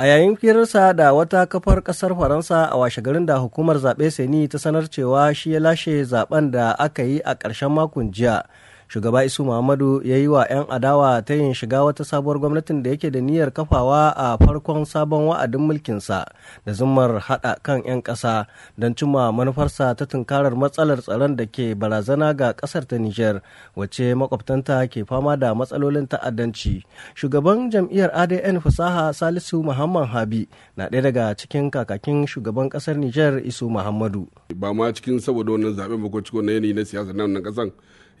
A yayin firarsa da wata kafar ƙasar Faransa a washe garin da hukumar zaɓe Seni ta sanar cewa shi ya lashe zaben da aka yi a ƙarshen makon jiya. shugaba isu muhammadu ya yi wa 'yan adawa ta yin shiga wata sabuwar gwamnatin da yake da niyyar kafawa a farkon sabon wa'adin mulkinsa da zumar haɗa kan 'yan ƙasa don cimma manufarsa ta tunkarar matsalar tsaron da ke barazana ga ƙasar ta niger wacce makwabtanta ke fama da matsalolin ta'addanci shugaban jam'iyyar adn fasaha salisu muhammad habi na ɗaya daga cikin kakakin shugaban ƙasar niger isu muhammadu ba ma cikin saboda wannan zaɓen ba ko cikin yanayi na siyasa nan ƙasan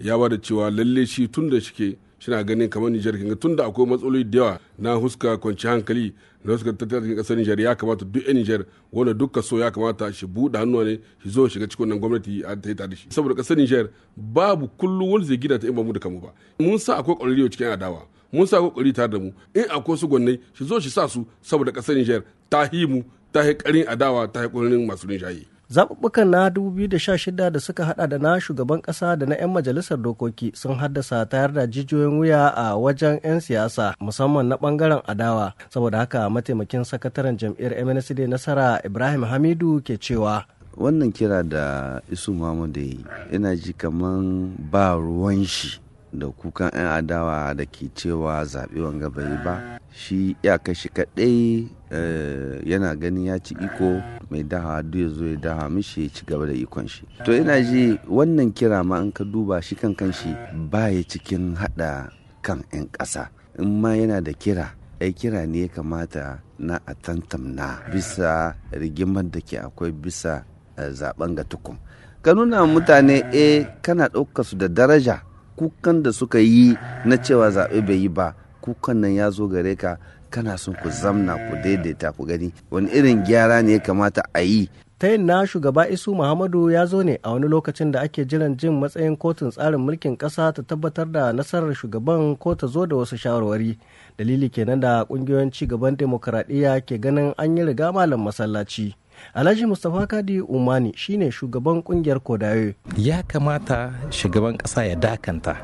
ya ba da cewa lalle shi tun da shike shina ganin kamar Nijar kinga tun da akwai matsaloli da yawa na huska kwanci hankali na huska tattalin kasar Nijar ya kamata duk yan Nijar wanda dukka so ya kamata shi buɗe hannuwa ne shi zo shiga cikin wannan gwamnati a ta tare shi saboda kasar Nijar babu kullu wani zai gida ta in ba mu da kamu ba mun sa akwai ƙwararriyo cikin adawa mun sa kokari tare da mu in akwai su gwannai shi zo shi sa su saboda kasar Nijar ta himu ta hi ƙarin adawa ta hi masu rinjaye zaɓuɓɓukan na 2016 da suka hada da na shugaban ƙasa da na 'yan majalisar dokoki sun haddasa tayar da jijiyoyin wuya a wajen 'yan siyasa musamman na ɓangaren adawa saboda haka mataimakin sakataren jam'iyyar mnsd nasara ibrahim hamidu ke cewa wannan kira da isu muhammadu yana ji kaman ba ruwan shi da kukan 'yan adawa da ke cewa zaɓe wanga bai ba shi ya kashi kaɗai eh, yana ganin ya ci iko mai daha duk ya zo ya daha mishi ya ci gaba da ikon shi to ina ji wannan kira ma an ka duba shi kan kan shi ya cikin hada kan 'yan ƙasa in ma yana da kira ai kira ne ya kamata na a tantamna bisa rigimar da ke akwai bisa eh, zaben ga tukun ka nuna mutane e kana ɗaukar su da daraja kukan da suka yi na cewa zaɓe bai yi ba kukan nan ya zo gare ka kana son ku zamna ku daidaita ku gani wani irin gyara ne ya kamata a yi ta na shugaba isu muhammadu ya zo ne a wani lokacin da ake jiran jin matsayin kotun tsarin mulkin ƙasa ta tabbatar da nasarar shugaban ko ta zo da wasu shawarwari dalili kenan da ƙungiyoyin ci gaban demokaradiyya ke ganin an yi riga malam masallaci alhaji mustapha kadi umani shine shugaban kungiyar kodayo ya kamata shugaban ƙasa ya dakanta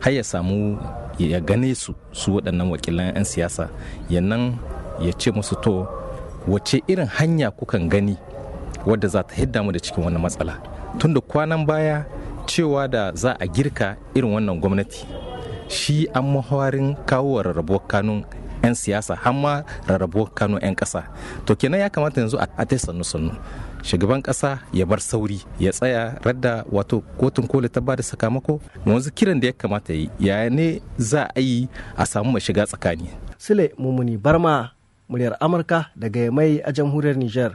har ya samu ya gane su su waɗannan wakilan 'yan siyasa yannan ya ce musu to wace irin hanya kukan gani wadda za ta hidda mu da cikin wani matsala tunda kwanan baya cewa da za a girka irin wannan gwamnati shi an mahawarin kawo rarrabuwar kanun 'yan siyasa har ma rarrabuwar kano 'yan kasa to kenan ya kamata yanzu a ta sannu sannu shugaban kasa ya bar sauri ya tsaya radda wato kotun koli ta bada sakamako yanzu kiran da ya kamata yi ya ne za a yi a samu mai shiga tsakani sule mumuni barma muryar amurka daga mai a jamhuriyar niger